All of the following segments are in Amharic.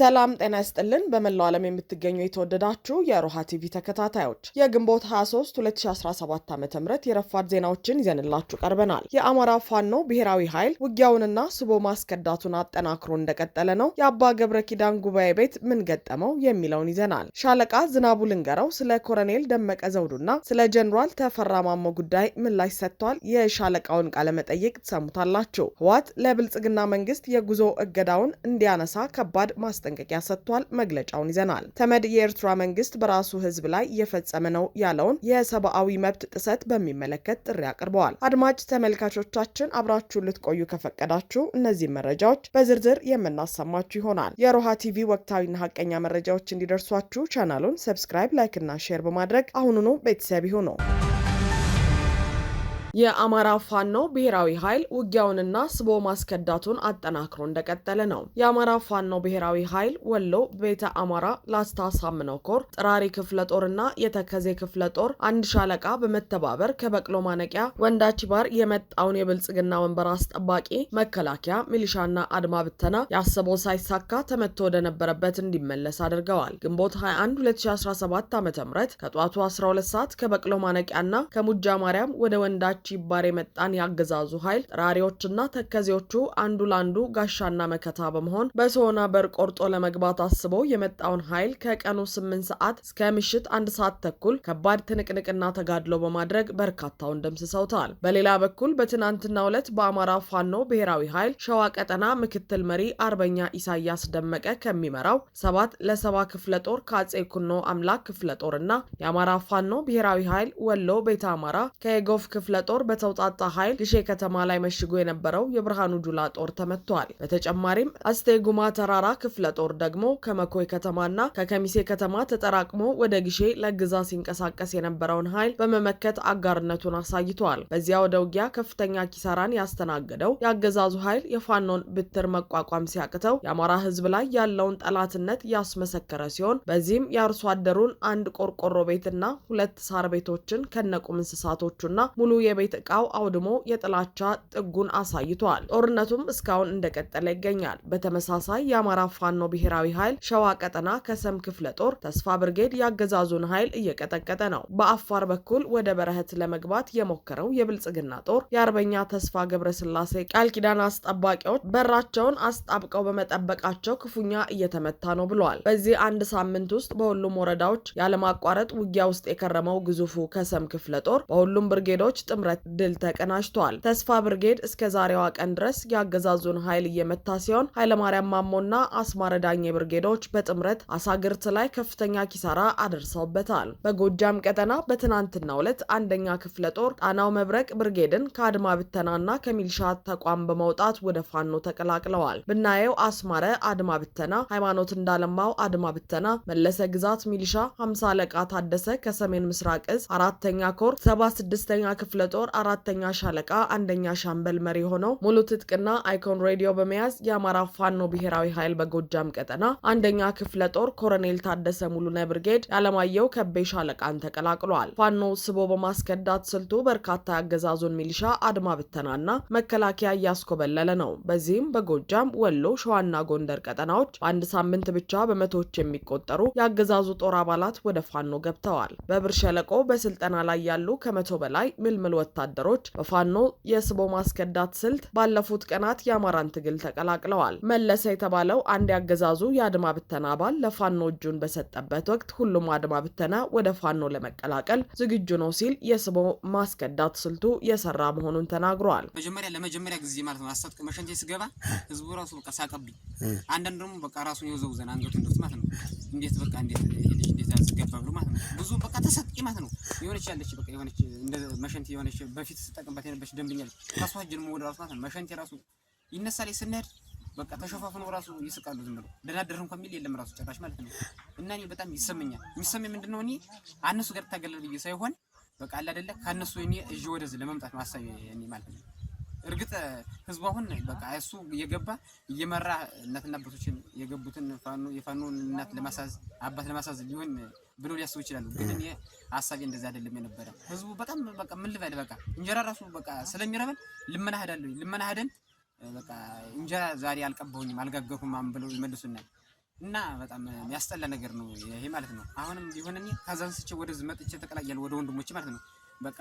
ሰላም ጤና ይስጥልን። በመላው ዓለም የምትገኙ የተወደዳችሁ የሮሃ ቲቪ ተከታታዮች የግንቦት 23 2017 ዓ ም የረፋድ ዜናዎችን ይዘንላችሁ ቀርበናል። የአማራ ፋኖ ብሔራዊ ኃይል ውጊያውንና ስቦ ማስከዳቱን አጠናክሮ እንደቀጠለ ነው። የአባ ገብረ ኪዳን ጉባኤ ቤት ምን ገጠመው የሚለውን ይዘናል። ሻለቃ ዝናቡ ልንገረው ስለ ኮረኔል ደመቀ ዘውዱና ስለ ጀኔራል ተፈራ ማሞ ጉዳይ ምላሽ ሰጥቷል። የሻለቃውን ቃለመጠይቅ ትሰሙታላችሁ። ህዋት ለብልጽግና መንግስት የጉዞ እገዳውን እንዲያነሳ ከባድ ማስጠ ማስጠንቀቂያ ሰጥቷል። መግለጫውን ይዘናል። ተመድ የኤርትራ መንግስት በራሱ ህዝብ ላይ እየፈጸመ ነው ያለውን የሰብአዊ መብት ጥሰት በሚመለከት ጥሪ አቅርበዋል። አድማጭ ተመልካቾቻችን አብራችሁ ልትቆዩ ከፈቀዳችሁ እነዚህ መረጃዎች በዝርዝር የምናሰማችሁ ይሆናል። የሮሃ ቲቪ ወቅታዊና ሀቀኛ መረጃዎች እንዲደርሷችሁ ቻናሉን ሰብስክራይብ፣ ላይክ እና ሼር በማድረግ አሁኑኑ ቤተሰብ ይሁኑ። የአማራ ፋኖ ብሔራዊ ኃይል ውጊያውንና ስቦ ማስከዳቱን አጠናክሮ እንደቀጠለ ነው። የአማራ ፋኖ ብሔራዊ ኃይል ወሎ ቤተ አማራ ላስታ ሳምነው ኮር ጥራሪ ክፍለ ጦርና የተከዜ ክፍለ ጦር አንድ ሻለቃ በመተባበር ከበቅሎ ማነቂያ ወንዳች ባር የመጣውን የብልጽግና ወንበር አስጠባቂ መከላከያ ሚሊሻና አድማ ብተና ያሰበው ሳይሳካ ተመቶ ወደነበረበት እንዲመለስ አድርገዋል። ግንቦት 21 2017 ዓ ም ከጠዋቱ 12 ሰዓት ከበቅሎ ማነቂያና ከሙጃ ማርያም ወደ ወንዳች ጋቺ ይባር የመጣን ያገዛዙ ኃይል ጠራሪዎችና ተከዜዎቹ አንዱ ለአንዱ ጋሻና መከታ በመሆን በሶሆና በር ቆርጦ ለመግባት አስበው የመጣውን ኃይል ከቀኑ ስምንት ሰዓት እስከ ምሽት አንድ ሰዓት ተኩል ከባድ ትንቅንቅና ተጋድሎ በማድረግ በርካታውን ደምስሰውታል። በሌላ በኩል በትናንትና ዕለት በአማራ ፋኖ ብሔራዊ ኃይል ሸዋ ቀጠና ምክትል መሪ አርበኛ ኢሳያስ ደመቀ ከሚመራው ሰባት ለሰባ ክፍለ ጦር ከአጼ ኩኖ አምላክ ክፍለ ጦር እና የአማራ ፋኖ ብሔራዊ ኃይል ወሎ ቤተ አማራ ከየጎፍ ክፍለ ጦር በተውጣጣ ኃይል ግሼ ከተማ ላይ መሽጎ የነበረው የብርሃኑ ጁላ ጦር ተመቷል። በተጨማሪም አስቴጉማ ተራራ ክፍለ ጦር ደግሞ ከመኮይ ከተማና ከከሚሴ ከተማ ተጠራቅሞ ወደ ግሼ ለግዛ ሲንቀሳቀስ የነበረውን ኃይል በመመከት አጋርነቱን አሳይቷል። በዚያ ወደ ውጊያ ከፍተኛ ኪሳራን ያስተናገደው የአገዛዙ ኃይል የፋኖን ብትር መቋቋም ሲያቅተው የአማራ ሕዝብ ላይ ያለውን ጠላትነት ያስመሰከረ ሲሆን በዚህም የአርሶ አደሩን አንድ ቆርቆሮ ቤትና ሁለት ሳር ቤቶችን ከነቁም እንስሳቶቹና ሙሉ የቤት ዕቃው አውድሞ የጥላቻ ጥጉን አሳይቷል። ጦርነቱም እስካሁን እንደቀጠለ ይገኛል። በተመሳሳይ የአማራ ፋኖ ብሔራዊ ኃይል ሸዋ ቀጠና ከሰም ክፍለ ጦር ተስፋ ብርጌድ ያገዛዙን ኃይል እየቀጠቀጠ ነው። በአፋር በኩል ወደ በረህት ለመግባት የሞከረው የብልጽግና ጦር የአርበኛ ተስፋ ገብረስላሴ ቃል ኪዳን አስጠባቂዎች በራቸውን አስጣብቀው በመጠበቃቸው ክፉኛ እየተመታ ነው ብለዋል። በዚህ አንድ ሳምንት ውስጥ በሁሉም ወረዳዎች ያለማቋረጥ ውጊያ ውስጥ የከረመው ግዙፉ ከሰም ክፍለ ጦር በሁሉም ብርጌዶች ጥምረ ድል ተቀናጅቷል። ተስፋ ብርጌድ እስከ ዛሬዋ ቀን ድረስ የአገዛዙን ኃይል እየመታ ሲሆን ኃይለማርያም ማሞና አስማረ ዳኜ ብርጌዶች በጥምረት አሳግርት ላይ ከፍተኛ ኪሳራ አደርሰውበታል። በጎጃም ቀጠና በትናንትናው ዕለት አንደኛ ክፍለ ጦር ጣናው መብረቅ ብርጌድን ከአድማ ብተናና ከሚልሻ ተቋም በመውጣት ወደ ፋኖ ተቀላቅለዋል። ብናየው አስማረ አድማ ብተና፣ ሃይማኖት እንዳለማው አድማ ብተና፣ መለሰ ግዛት ሚልሻ፣ ሀምሳ አለቃ ታደሰ ከሰሜን ምስራቅ እዝ አራተኛ ኮር ሰባ ስድስተኛ ክፍለ ጦር ጦር አራተኛ ሻለቃ አንደኛ ሻምበል መሪ ሆነው ሙሉ ትጥቅና አይኮን ሬዲዮ በመያዝ የአማራ ፋኖ ብሔራዊ ኃይል በጎጃም ቀጠና አንደኛ ክፍለ ጦር ኮሎኔል ታደሰ ሙሉነ ብርጌድ ያለማየሁ ከቤ ሻለቃን ተቀላቅሏል። ፋኖ ስቦ በማስከዳት ስልቱ በርካታ ያገዛዙን ሚሊሻ አድማ ብተናና መከላከያ እያስኮበለለ ነው። በዚህም በጎጃም ወሎ፣ ሸዋና ጎንደር ቀጠናዎች በአንድ ሳምንት ብቻ በመቶዎች የሚቆጠሩ የአገዛዙ ጦር አባላት ወደ ፋኖ ገብተዋል። በብር ሸለቆ በስልጠና ላይ ያሉ ከመቶ በላይ ምልምል ወታደሮች በፋኖ የስቦ ማስከዳት ስልት ባለፉት ቀናት የአማራን ትግል ተቀላቅለዋል። መለሰ የተባለው አንድ ያገዛዙ የአድማ ብተና አባል ለፋኖ እጁን በሰጠበት ወቅት ሁሉም አድማ ብተና ወደ ፋኖ ለመቀላቀል ዝግጁ ነው ሲል የስቦ ማስከዳት ስልቱ የሰራ መሆኑን ተናግሯል። መጀመሪያ ለመጀመሪያ ጊዜ ማለት ነው አሳብ መሸንቴ ስገባ ህዝቡ ራሱ በቃ ሳቀብኝ። አንዳንድ ደግሞ በቃ ራሱን የወዘውዘን አንገቱ እንደት ማለት ነው እንዴት በቃ እንዴት ልጅ እንዴት ያስገባ ብሎ ማለት ነው ብዙ በቃ ተሰጥቂ ማለት ነው የሆነች ያለች በቃ የሆነች እንደ መሸንቴ የሆነች በፊት ስጠቀምበት የነበረች ደንብኛ ነች። ታሷ እጅን ወደ ራሱ ናት መሸንት የራሱ ይነሳል ስንሄድ በቃ ተሸፋፍኖ ራሱ ይስቃሉ። ዝም ብሎ ደናደር እንኳን የሚል የለም ራሱ ጭራሽ ማለት ነው። እና እኔ በጣም ይሰመኛል። የሚሰማኝ ምንድን ነው እኔ አነሱ ጋር ታገለል ብዬ ሳይሆን በቃ አለ አይደለ ከእነሱ እኔ እዥ ወደዚህ ለመምጣት ማሳቢ እኔ ማለት ነው እርግጥ ህዝቡ አሁን በቃ እሱ እየገባ እየመራ እናትና አባቶችን የገቡትን የፋኖን እናት ለማሳዝ አባት ለማሳዝ ሊሆን ብሎ ሊያስቡ ይችላሉ። ግን እኔ ሀሳቤ እንደዛ አይደለም የነበረ ህዝቡ በጣም በቃ ምን ልበል በቃ እንጀራ ራሱ በቃ ስለሚረበል ልመና ሄዳለሁ ልመና ሄደን በቃ እንጀራ ዛሬ አልቀባሁኝም አልጋገርኩም አም ብለው ይመልሱናል። እና በጣም የሚያስጠላ ነገር ነው ይሄ ማለት ነው። አሁንም ቢሆን እኔ ከዛ አንስቼ ወደዚህ መጥቼ ተቀላያለሁ ወደ ወንድሞቼ ማለት ነው በቃ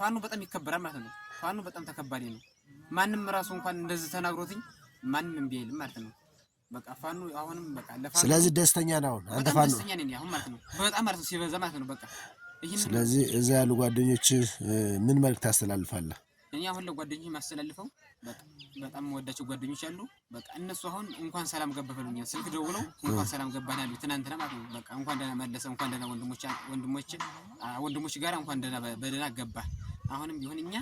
ፋኖ በጣም ይከበራል ማለት ነው። ፋኖ በጣም ተከባሪ ነው። ማንም ራሱ እንኳን እንደዚህ ተናግሮትኝ ማንም እምቢ አይልም ማለት ነው። በቃ ፋኖ አሁንም በቃ ለፋኖ ስለዚህ ደስተኛ ነው። አንተ ፋኖ ደስተኛ ነኝ አሁን ማለት ነው። በጣም ማለት ነው ሲበዛ ማለት ነው። በቃ ስለዚህ እዛ ያሉ ጓደኞች ምን መልዕክት ታስተላልፋለህ? እኔ አሁን ለጓደኞች የማስተላልፈው በጣም ወዳቸው ጓደኞች አሉ። በቃ እነሱ አሁን እንኳን ሰላም ገባ ብለውኛል። ስልክ ደውለው እንኳን ሰላም ገባን አሉ ትናንትና ማለት ነው። በቃ እንኳን ደህና መለሰ፣ እንኳን ደህና ወንድሞች ወንድሞች ወንድሞች ጋር እንኳን ደህና በደህና ገባ። አሁንም ቢሆን እኛ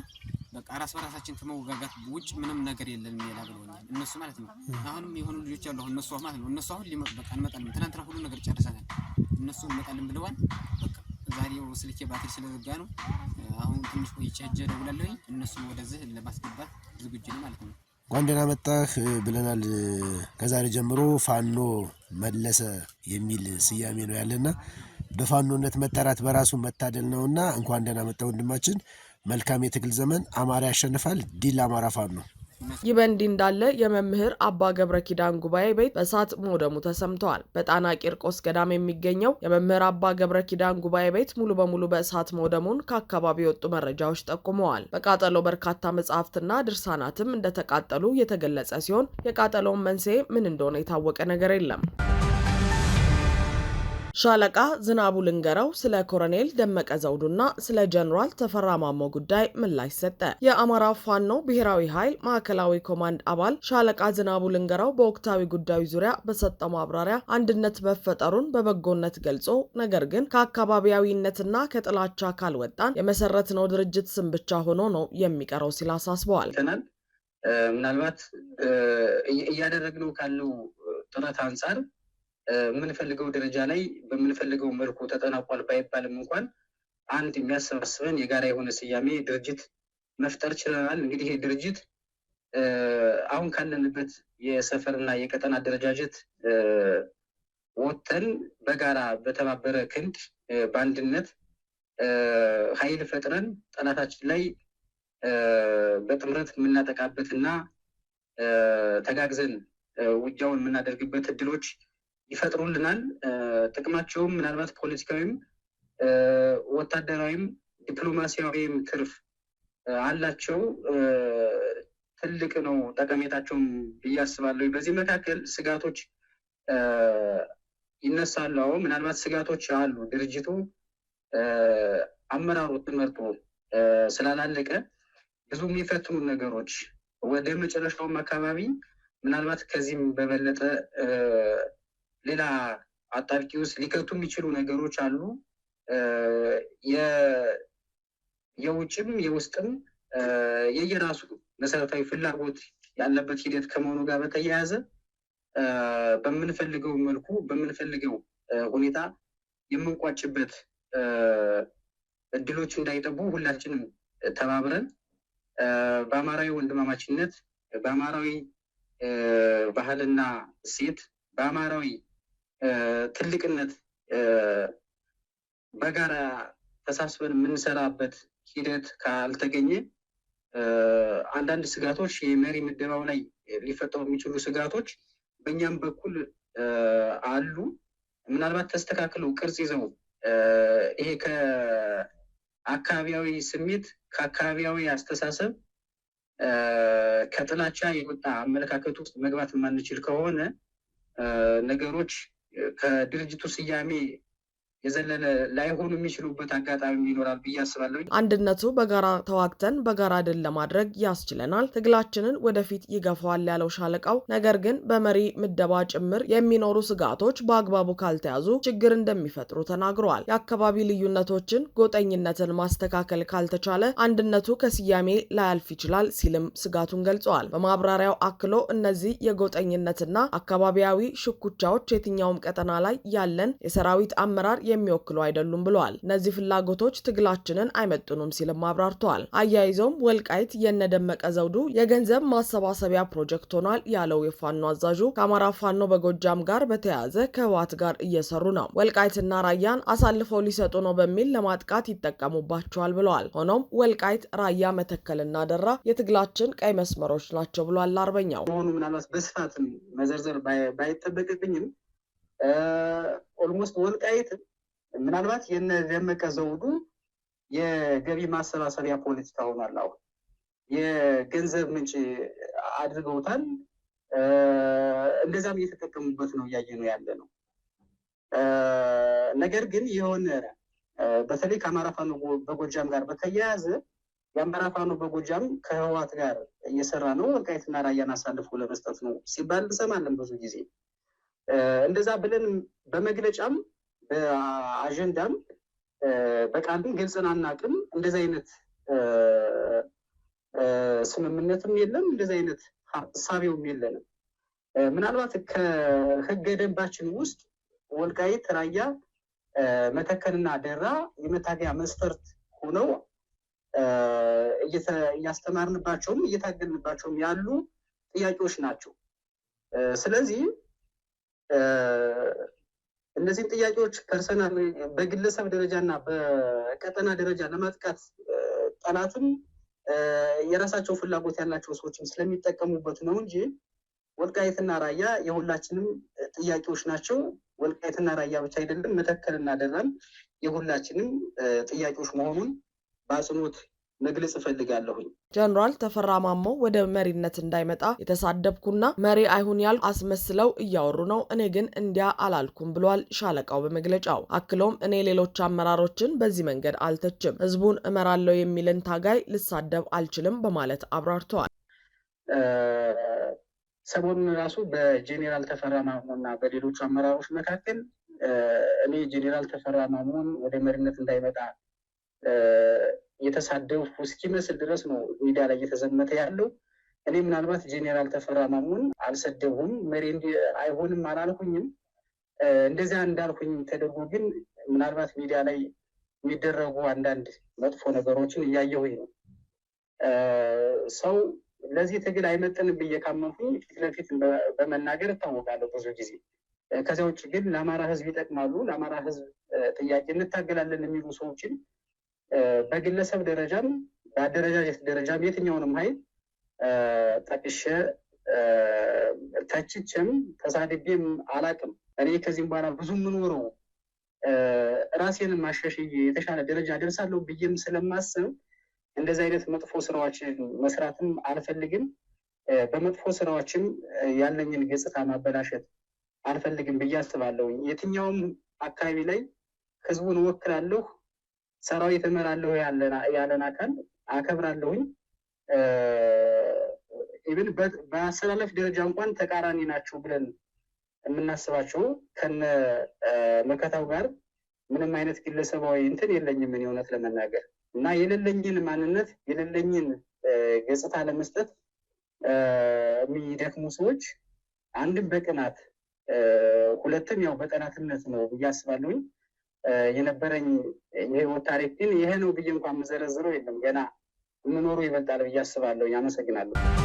በቃ ራስ በራሳችን ከመወጋጋት ውጭ ምንም ነገር የለንም ሌላ ብለውኛል እነሱ ማለት ነው። አሁንም የሆኑ ልጆች አሉ አሁን እነሱ ማለት ነው። እነሱ አሁን በቃ እንመጣለን፣ ትናንትና ሁሉ ነገር ጨርሰናል። እነሱ እንመጣለን ብለዋል። በቃ ዛሬው ስልኬ ባትሪ ስለዘጋ ነው አሁን ትንሽ ቆይቻጀ ደውላለሁ። እነሱን ወደዚህ ለማስገባት ዝግጁ ነው ማለት ነው። እንኳን ደህና መጣህ ብለናል። ከዛሬ ጀምሮ ፋኖ መለሰ የሚል ስያሜ ነው ያለና በፋኖነት መጠራት በራሱ መታደል ነውና እንኳን ደህና መጣ ወንድማችን። መልካም የትግል ዘመን። አማራ ያሸንፋል። ዲል አማራ ፋኖ ይህ በእንዲህ እንዳለ የመምህር አባ ገብረ ኪዳን ጉባኤ ቤት በእሳት መውደሙ ተሰምተዋል። በጣና ቂርቆስ ገዳም የሚገኘው የመምህር አባ ገብረ ኪዳን ጉባኤ ቤት ሙሉ በሙሉ በእሳት መውደሙን ከአካባቢ የወጡ መረጃዎች ጠቁመዋል። በቃጠሎ በርካታ መጽሐፍትና ድርሳናትም እንደተቃጠሉ የተገለጸ ሲሆን የቃጠሎውን መንስኤ ምን እንደሆነ የታወቀ ነገር የለም። ሻለቃ ዝናቡ ልንገረው ስለ ኮሎኔል ደመቀ ዘውዱና ስለ ጀኔራል ተፈራ ማሞ ጉዳይ ምላሽ ሰጠ። የአማራ ፋኖ ብሔራዊ ኃይል ማዕከላዊ ኮማንድ አባል ሻለቃ ዝናቡ ልንገረው በወቅታዊ ጉዳዩ ዙሪያ በሰጠው ማብራሪያ አንድነት መፈጠሩን በበጎነት ገልጾ ነገር ግን ከአካባቢያዊነትና ከጥላቻ ካልወጣን የመሰረትነው ድርጅት ስም ብቻ ሆኖ ነው የሚቀረው ሲል አሳስበዋል። ምናልባት እያደረግነው ካለው ጥረት አንጻር የምንፈልገው ደረጃ ላይ በምንፈልገው መልኩ ተጠናቋል ባይባልም እንኳን አንድ የሚያሰባስበን የጋራ የሆነ ስያሜ ድርጅት መፍጠር ችለናል። እንግዲህ ይህ ድርጅት አሁን ካለንበት የሰፈርና የቀጠና አደረጃጀት ወጥተን በጋራ በተባበረ ክንድ በአንድነት ኃይል ፈጥረን ጠላታችን ላይ በጥምረት የምናጠቃበትና ተጋግዘን ውጊያውን የምናደርግበት እድሎች ይፈጥሩልናል። ጥቅማቸውም ምናልባት ፖለቲካዊም፣ ወታደራዊም፣ ዲፕሎማሲያዊም ትርፍ አላቸው። ትልቅ ነው ጠቀሜታቸውም ብዬ አስባለሁ። በዚህ መካከል ስጋቶች ይነሳሉ። አሁን ምናልባት ስጋቶች አሉ። ድርጅቱ አመራሩ ትምህርቱ ስላላለቀ ብዙ የሚፈትኑ ነገሮች ወደ መጨረሻውም አካባቢ ምናልባት ከዚህም በበለጠ ሌላ አጣብቂ ውስጥ ሊከቱ የሚችሉ ነገሮች አሉ። የውጭም የውስጥም የየራሱ መሰረታዊ ፍላጎት ያለበት ሂደት ከመሆኑ ጋር በተያያዘ በምንፈልገው መልኩ በምንፈልገው ሁኔታ የምንቋጭበት እድሎች እንዳይጠቡ ሁላችንም ተባብረን በአማራዊ ወንድማማችነት፣ በአማራዊ ባህልና እሴት፣ በአማራዊ ትልቅነት በጋራ ተሳስበን የምንሰራበት ሂደት ካልተገኘ አንዳንድ ስጋቶች የመሪ ምደባው ላይ ሊፈጠሩ የሚችሉ ስጋቶች በእኛም በኩል አሉ። ምናልባት ተስተካክለው ቅርጽ ይዘው ይሄ ከአካባቢያዊ ስሜት ከአካባቢያዊ አስተሳሰብ ከጥላቻ የወጣ አመለካከት ውስጥ መግባት የማንችል ከሆነ ነገሮች ከድርጅቱ ስያሜ የዘለለ ላይሆኑ የሚችሉበት አጋጣሚ ይኖራል ብዬ አስባለሁ። አንድነቱ በጋራ ተዋግተን በጋራ ድል ለማድረግ ያስችለናል፣ ትግላችንን ወደፊት ይገፋዋል ያለው ሻለቃው፣ ነገር ግን በመሪ ምደባ ጭምር የሚኖሩ ስጋቶች በአግባቡ ካልተያዙ ችግር እንደሚፈጥሩ ተናግረዋል። የአካባቢ ልዩነቶችን፣ ጎጠኝነትን ማስተካከል ካልተቻለ አንድነቱ ከስያሜ ላያልፍ ይችላል ሲልም ስጋቱን ገልጸዋል። በማብራሪያው አክሎ እነዚህ የጎጠኝነትና አካባቢያዊ ሽኩቻዎች የትኛውም ቀጠና ላይ ያለን የሰራዊት አመራር የሚወክሉ አይደሉም ብለዋል። እነዚህ ፍላጎቶች ትግላችንን አይመጥኑም ሲልም አብራርተዋል። አያይዘውም ወልቃይት የነደመቀ ዘውዱ የገንዘብ ማሰባሰቢያ ፕሮጀክት ሆኗል ያለው የፋኖ አዛዡ ከአማራ ፋኖ በጎጃም ጋር በተያያዘ ከህወሓት ጋር እየሰሩ ነው፣ ወልቃይትና ራያን አሳልፈው ሊሰጡ ነው በሚል ለማጥቃት ይጠቀሙባቸዋል ብለዋል። ሆኖም ወልቃይት፣ ራያ፣ መተከልና ደራ የትግላችን ቀይ መስመሮች ናቸው ብሏል። አርበኛው መሆኑ ምናልባት በስፋትም መዘርዘር ባይጠበቅብኝም ኦልሞስት ወልቃይት ምናልባት የነ ደመቀ ዘውዱ የገቢ ማሰባሰቢያ ፖለቲካ ሆኗል። አሁን የገንዘብ ምንጭ አድርገውታል። እንደዛም እየተጠቀሙበት ነው እያየ ነው ያለ ነው። ነገር ግን የሆነ በተለይ ከአማራ ፋኖ በጎጃም ጋር በተያያዘ የአማራ ፋኖ በጎጃም ከህዋት ጋር እየሰራ ነው ወልቃይትና ራያን አሳልፎ ለመስጠት ነው ሲባል እንሰማለን ብዙ ጊዜ እንደዛ ብለን በመግለጫም በአጀንዳም በካምፔን ግብፅን አናቅም እንደዚህ አይነት ስምምነትም የለም። እንደዚ አይነት ሳቢውም የለንም። ምናልባት ከህገ ደንባችን ውስጥ ወልቃይት፣ ራያ፣ መተከልና ደራ የመታገያ መስፈርት ሆነው እያስተማርንባቸውም እየታገልንባቸውም ያሉ ጥያቄዎች ናቸው። ስለዚህ እነዚህን ጥያቄዎች ፐርሰናል በግለሰብ ደረጃ እና በቀጠና ደረጃ ለማጥቃት ጠላትም የራሳቸው ፍላጎት ያላቸው ሰዎችም ስለሚጠቀሙበት ነው እንጂ ወልቃየትና ራያ የሁላችንም ጥያቄዎች ናቸው። ወልቃየትና ራያ ብቻ አይደለም፣ መተከልና ደራም የሁላችንም ጥያቄዎች መሆኑን በአጽኖት መግለጽ እፈልጋለሁኝ። ጀኔራል ተፈራ ማሞ ወደ መሪነት እንዳይመጣ የተሳደብኩና መሪ አይሁን ያልኩ አስመስለው እያወሩ ነው፣ እኔ ግን እንዲያ አላልኩም ብሏል ሻለቃው በመግለጫው። አክሎም እኔ ሌሎች አመራሮችን በዚህ መንገድ አልተችም፣ ህዝቡን እመራለሁ የሚልን ታጋይ ልሳደብ አልችልም በማለት አብራርተዋል። ሰሞኑን ራሱ በጄኔራል ተፈራ ማሞና በሌሎቹ አመራሮች መካከል እኔ ጄኔራል ተፈራ ማሞን ወደ መሪነት እንዳይመጣ እየተሳደብኩ እስኪመስል ድረስ ነው ሜዳ ላይ እየተዘመተ ያለው። እኔ ምናልባት ጄኔራል ተፈራ ማሞን አልሰደቡም መሪ አይሆንም አላልኩኝም። እንደዚያ እንዳልኩኝ ተደርጎ ግን ምናልባት ሚዲያ ላይ የሚደረጉ አንዳንድ መጥፎ ነገሮችን እያየሁኝ ነው። ሰው ለዚህ ትግል አይመጥንም ብዬ ካመንኩኝ ፊት ለፊት በመናገር እታወቃለሁ ብዙ ጊዜ። ከዚያ ውጭ ግን ለአማራ ሕዝብ ይጠቅማሉ፣ ለአማራ ሕዝብ ጥያቄ እንታገላለን የሚሉ ሰዎችን በግለሰብ ደረጃም በአደረጃጀት ደረጃም የትኛውንም ኃይል ጠቅሼ ተችቼም ተሳድቤም አላቅም። እኔ ከዚህም በኋላ ብዙ የምኖረው ራሴን ማሻሽዬ የተሻለ ደረጃ ደርሳለሁ ብዬም ስለማስብ እንደዚህ አይነት መጥፎ ስራዎችን መስራትም አልፈልግም። በመጥፎ ስራዎችም ያለኝን ገጽታ ማበላሸት አልፈልግም ብዬ አስባለሁ። የትኛውም አካባቢ ላይ ህዝቡን እወክላለሁ ሰራዊት እመራለሁ ያለን አካል አከብራለሁኝ። ኢብን በአሰላለፍ ደረጃ እንኳን ተቃራኒ ናቸው ብለን የምናስባቸው ከነ መከታው ጋር ምንም አይነት ግለሰባዊ እንትን የለኝም ምን እውነት ለመናገር እና የሌለኝን ማንነት የሌለኝን ገጽታ ለመስጠት የሚደክሙ ሰዎች አንድም በቅናት ሁለትም ያው በጠላትነት ነው ብዬ አስባለሁኝ የነበረኝ የህይወት ታሪክ ግን ይሄ ነው ብዬ እንኳን የምዘረዝረው የለም። ገና የምኖሩ ይበልጣል ብዬ አስባለሁ። አመሰግናለሁ።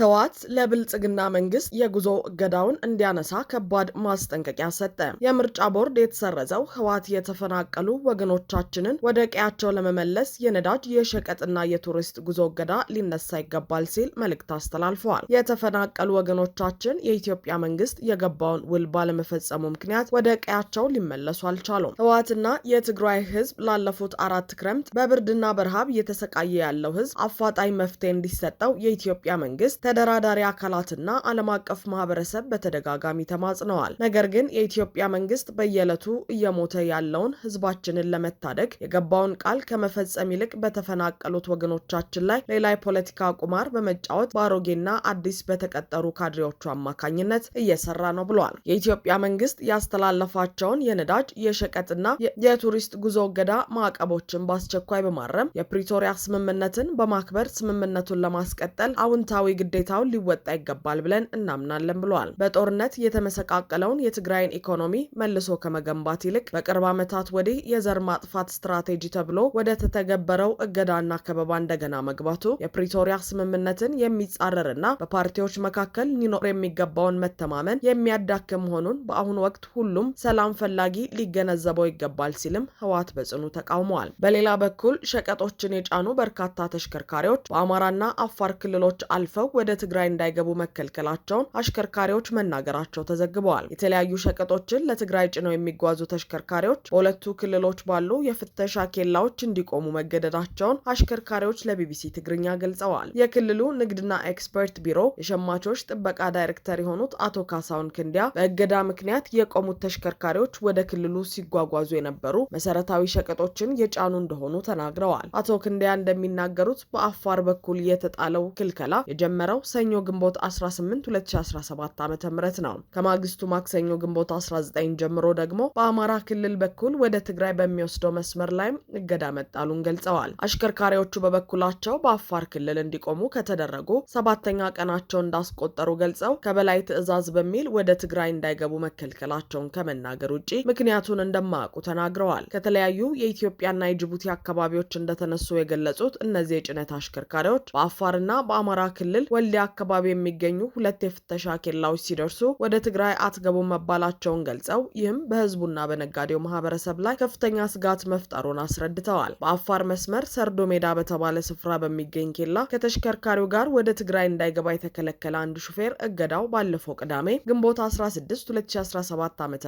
ህወሓት ለብልጽግና መንግስት የጉዞ እገዳውን እንዲያነሳ ከባድ ማስጠንቀቂያ ሰጠ። የምርጫ ቦርድ የተሰረዘው ህወሓት የተፈናቀሉ ወገኖቻችንን ወደ ቀያቸው ለመመለስ የነዳጅ የሸቀጥና የቱሪስት ጉዞ እገዳ ሊነሳ ይገባል ሲል መልእክት አስተላልፈዋል። የተፈናቀሉ ወገኖቻችን የኢትዮጵያ መንግስት የገባውን ውል ባለመፈጸሙ ምክንያት ወደ ቀያቸው ሊመለሱ አልቻሉም። ህወሓትና የትግራይ ህዝብ ላለፉት አራት ክረምት በብርድና በረሃብ እየተሰቃየ ያለው ህዝብ አፋጣኝ መፍትሄ እንዲሰጠው የኢትዮጵያ መንግስት ተደራዳሪ አካላትና ዓለም አቀፍ ማህበረሰብ በተደጋጋሚ ተማጽነዋል። ነገር ግን የኢትዮጵያ መንግስት በየዕለቱ እየሞተ ያለውን ህዝባችንን ለመታደግ የገባውን ቃል ከመፈጸም ይልቅ በተፈናቀሉት ወገኖቻችን ላይ ሌላ የፖለቲካ ቁማር በመጫወት በአሮጌና አዲስ በተቀጠሩ ካድሬዎቹ አማካኝነት እየሰራ ነው ብሏል። የኢትዮጵያ መንግስት ያስተላለፋቸውን የነዳጅ የሸቀጥና የቱሪስት ጉዞ እገዳ ማዕቀቦችን በአስቸኳይ በማረም የፕሪቶሪያ ስምምነትን በማክበር ስምምነቱን ለማስቀጠል አውንታዊ ግ ግዴታውን ሊወጣ ይገባል ብለን እናምናለን ብለዋል። በጦርነት የተመሰቃቀለውን የትግራይን ኢኮኖሚ መልሶ ከመገንባት ይልቅ በቅርብ ዓመታት ወዲህ የዘር ማጥፋት ስትራቴጂ ተብሎ ወደ ተተገበረው እገዳና ከበባ እንደገና መግባቱ የፕሪቶሪያ ስምምነትን የሚጻረርና በፓርቲዎች መካከል ሊኖር የሚገባውን መተማመን የሚያዳክም መሆኑን በአሁኑ ወቅት ሁሉም ሰላም ፈላጊ ሊገነዘበው ይገባል ሲልም ህወሓት በጽኑ ተቃውመዋል። በሌላ በኩል ሸቀጦችን የጫኑ በርካታ ተሽከርካሪዎች በአማራና አፋር ክልሎች አልፈው ወደ ትግራይ እንዳይገቡ መከልከላቸውን አሽከርካሪዎች መናገራቸው ተዘግበዋል። የተለያዩ ሸቀጦችን ለትግራይ ጭነው የሚጓዙ ተሽከርካሪዎች በሁለቱ ክልሎች ባሉ የፍተሻ ኬላዎች እንዲቆሙ መገደዳቸውን አሽከርካሪዎች ለቢቢሲ ትግርኛ ገልጸዋል። የክልሉ ንግድና ኤክስፐርት ቢሮ የሸማቾች ጥበቃ ዳይሬክተር የሆኑት አቶ ካሳውን ክንዲያ በእገዳ ምክንያት የቆሙት ተሽከርካሪዎች ወደ ክልሉ ሲጓጓዙ የነበሩ መሰረታዊ ሸቀጦችን የጫኑ እንደሆኑ ተናግረዋል። አቶ ክንዲያ እንደሚናገሩት በአፋር በኩል የተጣለው ክልከላ የጀመረው የጀመረው ሰኞ ግንቦት 18 2017 ዓ ም ነው። ከማግስቱ ማክሰኞ ግንቦት 19 ጀምሮ ደግሞ በአማራ ክልል በኩል ወደ ትግራይ በሚወስደው መስመር ላይም እገዳ መጣሉን ገልጸዋል። አሽከርካሪዎቹ በበኩላቸው በአፋር ክልል እንዲቆሙ ከተደረጉ ሰባተኛ ቀናቸው እንዳስቆጠሩ ገልጸው ከበላይ ትዕዛዝ በሚል ወደ ትግራይ እንዳይገቡ መከልከላቸውን ከመናገር ውጭ ምክንያቱን እንደማያውቁ ተናግረዋል። ከተለያዩ የኢትዮጵያና የጅቡቲ አካባቢዎች እንደተነሱ የገለጹት እነዚህ የጭነት አሽከርካሪዎች በአፋርና በአማራ ክልል ወልዲያ አካባቢ የሚገኙ ሁለት የፍተሻ ኬላዎች ሲደርሱ ወደ ትግራይ አትገቡ መባላቸውን ገልጸው ይህም በህዝቡና በነጋዴው ማህበረሰብ ላይ ከፍተኛ ስጋት መፍጠሩን አስረድተዋል። በአፋር መስመር ሰርዶ ሜዳ በተባለ ስፍራ በሚገኝ ኬላ ከተሽከርካሪው ጋር ወደ ትግራይ እንዳይገባ የተከለከለ አንድ ሹፌር እገዳው ባለፈው ቅዳሜ ግንቦት 16 2017 ዓ ም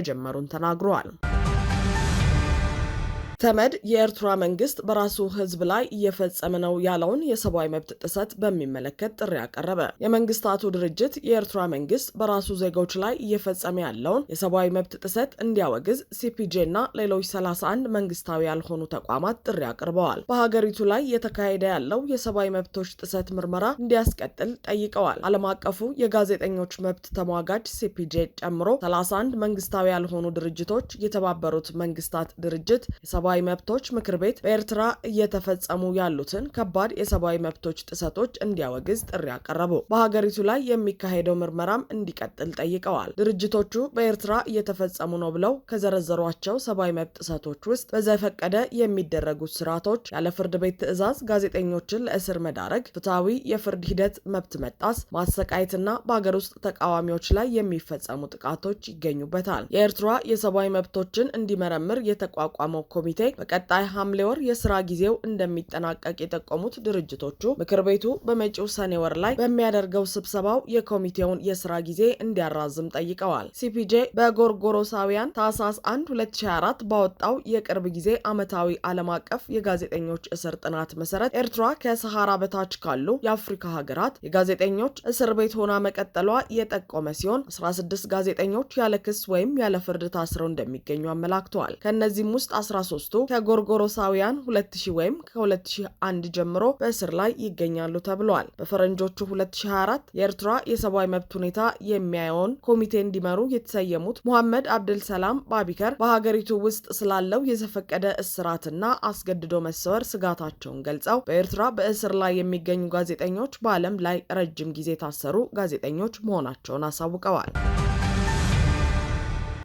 መጀመሩን ተናግረዋል። ተመድ የኤርትራ መንግስት በራሱ ህዝብ ላይ እየፈጸመ ነው ያለውን የሰብአዊ መብት ጥሰት በሚመለከት ጥሪ አቀረበ። የመንግስታቱ ድርጅት የኤርትራ መንግስት በራሱ ዜጎች ላይ እየፈጸመ ያለውን የሰብአዊ መብት ጥሰት እንዲያወግዝ ሲፒጄ እና ሌሎች 31 መንግስታዊ ያልሆኑ ተቋማት ጥሪ አቅርበዋል። በሀገሪቱ ላይ የተካሄደ ያለው የሰብአዊ መብቶች ጥሰት ምርመራ እንዲያስቀጥል ጠይቀዋል። ዓለም አቀፉ የጋዜጠኞች መብት ተሟጋጅ ሲፒጄ ጨምሮ 31 መንግስታዊ ያልሆኑ ድርጅቶች የተባበሩት መንግስታት ድርጅት የሰብአዊ መብቶች ምክር ቤት በኤርትራ እየተፈጸሙ ያሉትን ከባድ የሰብአዊ መብቶች ጥሰቶች እንዲያወግዝ ጥሪ አቀረቡ። በሀገሪቱ ላይ የሚካሄደው ምርመራም እንዲቀጥል ጠይቀዋል። ድርጅቶቹ በኤርትራ እየተፈጸሙ ነው ብለው ከዘረዘሯቸው ሰብአዊ መብት ጥሰቶች ውስጥ በዘፈቀደ የሚደረጉት ስርዓቶች፣ ያለ ፍርድ ቤት ትዕዛዝ ጋዜጠኞችን ለእስር መዳረግ፣ ፍትሐዊ የፍርድ ሂደት መብት መጣስ፣ ማሰቃየትና በሀገር ውስጥ ተቃዋሚዎች ላይ የሚፈጸሙ ጥቃቶች ይገኙበታል። የኤርትራ የሰብአዊ መብቶችን እንዲመረምር የተቋቋመው ኮሚቴ ኮሚቴ በቀጣይ ሐምሌ ወር የስራ ጊዜው እንደሚጠናቀቅ የጠቆሙት ድርጅቶቹ ምክር ቤቱ በመጪው ሰኔ ወር ላይ በሚያደርገው ስብሰባው የኮሚቴውን የስራ ጊዜ እንዲያራዝም ጠይቀዋል። ሲፒጄ በጎርጎሮሳውያን ታህሳስ 1 2024 ባወጣው የቅርብ ጊዜ ዓመታዊ ዓለም አቀፍ የጋዜጠኞች እስር ጥናት መሰረት ኤርትራ ከሰሃራ በታች ካሉ የአፍሪካ ሀገራት የጋዜጠኞች እስር ቤት ሆና መቀጠሏ የጠቆመ ሲሆን 16 ጋዜጠኞች ያለ ክስ ወይም ያለ ፍርድ ታስረው እንደሚገኙ አመላክተዋል። ከእነዚህም ውስጥ 13 ሶስቱ ከጎርጎሮሳውያን 2000 ወይም ከ2001 ጀምሮ በእስር ላይ ይገኛሉ ተብሏል። በፈረንጆቹ 2024 የኤርትራ የሰብአዊ መብት ሁኔታ የሚያየውን ኮሚቴ እንዲመሩ የተሰየሙት ሙሐመድ አብደል ሰላም ባቢከር በሀገሪቱ ውስጥ ስላለው የዘፈቀደ እስራትና አስገድዶ መሰወር ስጋታቸውን ገልጸው በኤርትራ በእስር ላይ የሚገኙ ጋዜጠኞች በዓለም ላይ ረጅም ጊዜ የታሰሩ ጋዜጠኞች መሆናቸውን አሳውቀዋል።